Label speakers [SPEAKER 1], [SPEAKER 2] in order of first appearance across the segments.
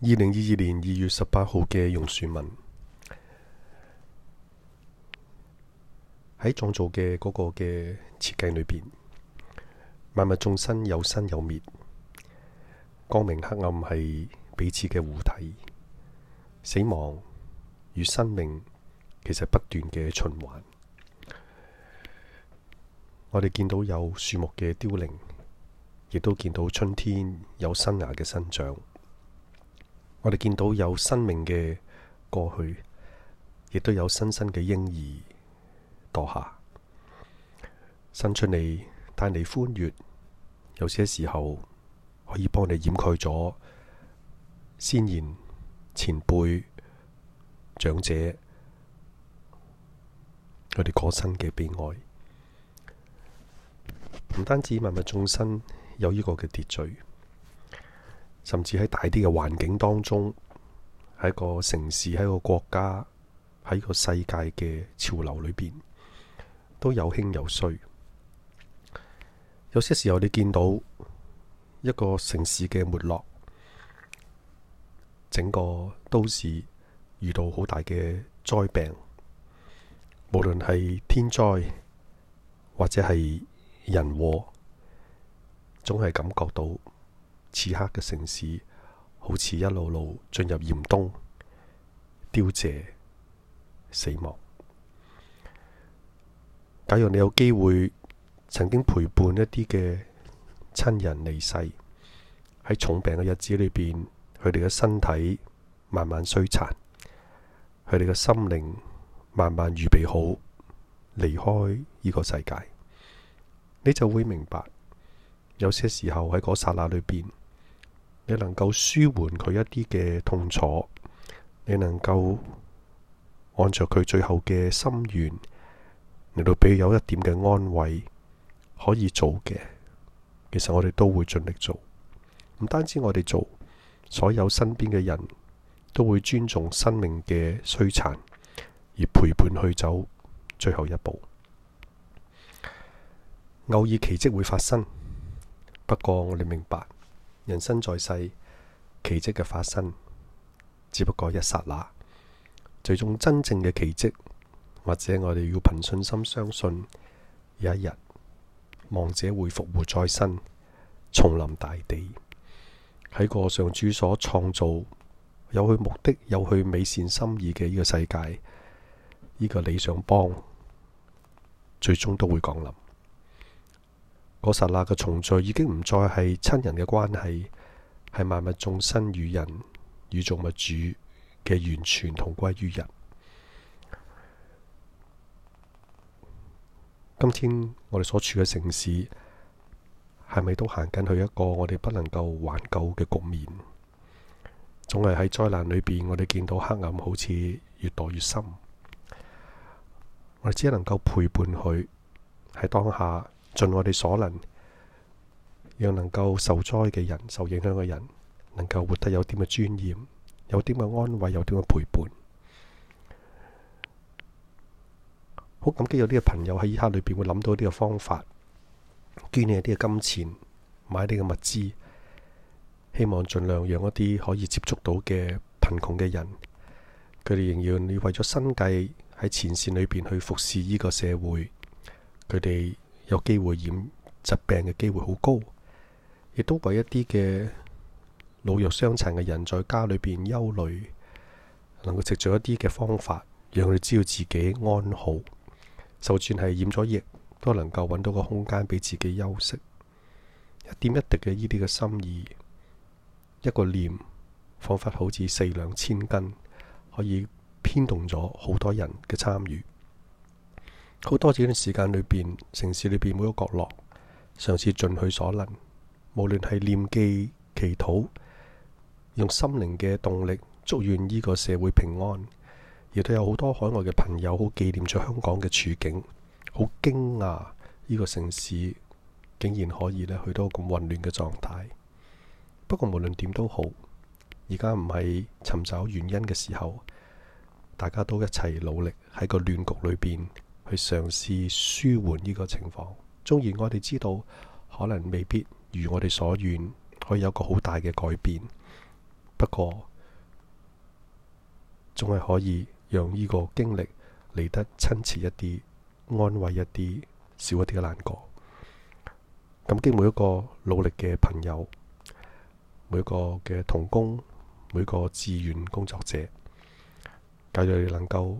[SPEAKER 1] 二零二二年二月十八號嘅榕樹文喺創造嘅嗰個嘅設計裏邊，萬物眾生有生有滅，光明黑暗係彼此嘅互體，死亡與生命其實不斷嘅循環。我哋見到有樹木嘅凋零，亦都見到春天有新芽嘅生長。我哋見到有生命嘅過去，亦都有新生嘅嬰兒墮下，伸出嚟帶你歡悅。有些時候可以幫你掩蓋咗先賢前輩長者佢哋過生嘅悲哀。唔單止萬物眾生有呢個嘅秩序。甚至喺大啲嘅環境當中，喺個城市、喺個國家、喺個世界嘅潮流裏邊，都有興有衰。有些時候你見到一個城市嘅沒落，整個都市遇到好大嘅災病，無論係天災或者係人禍，總係感覺到。此刻嘅城市好似一路路進入嚴冬，凋謝、死亡。假如你有機會曾經陪伴一啲嘅親人離世，喺重病嘅日子裏邊，佢哋嘅身體慢慢衰殘，佢哋嘅心靈慢慢預備好離開呢個世界，你就會明白，有些時候喺嗰剎那裏邊。你能夠舒緩佢一啲嘅痛楚，你能夠按著佢最後嘅心願嚟到俾佢有一點嘅安慰，可以做嘅，其實我哋都會盡力做。唔單止我哋做，所有身邊嘅人都會尊重生命嘅衰殘，而陪伴去走最後一步。偶爾奇蹟會發生，不過我哋明白。人生在世，奇蹟嘅發生只不過一剎那。最終真正嘅奇蹟，或者我哋要憑信心相信，有一日，亡者會復活再生，重臨大地。喺個上主所創造、有去目的、有去美善心意嘅呢個世界，呢、這個理想邦，最終都會降臨。嗰剎那嘅重聚已經唔再係親人嘅關係，係萬物眾生與人與造物主嘅完全同歸於人。今天我哋所處嘅城市，係咪都行緊去一個我哋不能夠挽救嘅局面？總係喺災難裏邊，我哋見到黑暗好似越墮越深。我哋只能夠陪伴佢喺當下。盡我哋所能，讓能夠受災嘅人、受影響嘅人，能夠活得有啲嘅尊嚴，有啲嘅安慰，有啲嘅陪伴。好感激有啲嘅朋友喺呢刻裏邊會諗到一啲嘅方法，捐獻一啲嘅金錢，買啲嘅物資，希望盡量讓一啲可以接觸到嘅貧窮嘅人，佢哋仍然要為咗生計喺前線裏邊去服侍呢個社會，佢哋，有機會染疾病嘅機會好高，亦都為一啲嘅老弱傷殘嘅人，在家裏邊憂慮，能夠藉著一啲嘅方法，讓佢哋知道自己安好，就算係染咗疫，都能夠揾到個空間俾自己休息。一點一滴嘅呢啲嘅心意，一個念，仿佛好似四兩千斤，可以牽動咗好多人嘅參與。好多這段時間裏邊，城市裏邊每個角落，嘗試盡佢所能，無論係念記、祈禱，用心靈嘅動力，祝願呢個社會平安。亦都有好多海外嘅朋友好紀念住香港嘅處境，好驚訝呢個城市竟然可以咧，去到咁混亂嘅狀態。不過無論點都好，而家唔係尋找原因嘅時候，大家都一齊努力喺個亂局裏邊。去嘗試舒緩呢個情況，縱然我哋知道可能未必如我哋所願，可以有個好大嘅改變。不過，仲係可以讓呢個經歷嚟得親切一啲，安慰一啲，少一啲嘅難過。感激每一個努力嘅朋友，每個嘅同工，每個志願工作者，教佢你能夠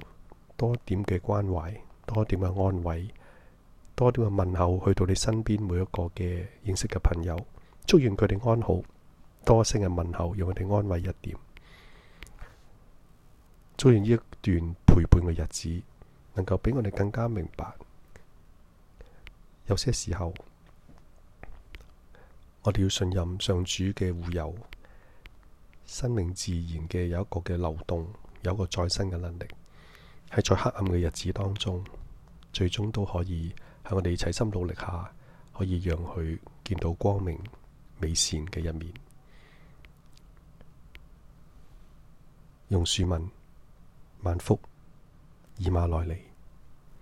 [SPEAKER 1] 多一點嘅關懷，多點嘅安慰，多點嘅問候，去到你身邊每一個嘅認識嘅朋友，祝願佢哋安好，多聲嘅問候，讓佢哋安慰一點。祝願呢一段陪伴嘅日子，能夠俾我哋更加明白，有些時候我哋要信任上主嘅護佑，生命自然嘅有一個嘅流動，有一個再生嘅能力，喺在黑暗嘅日子當中。最終都可以喺我哋齊心努力下，可以讓佢見到光明美善嘅一面。用樹問萬福，以馬內利。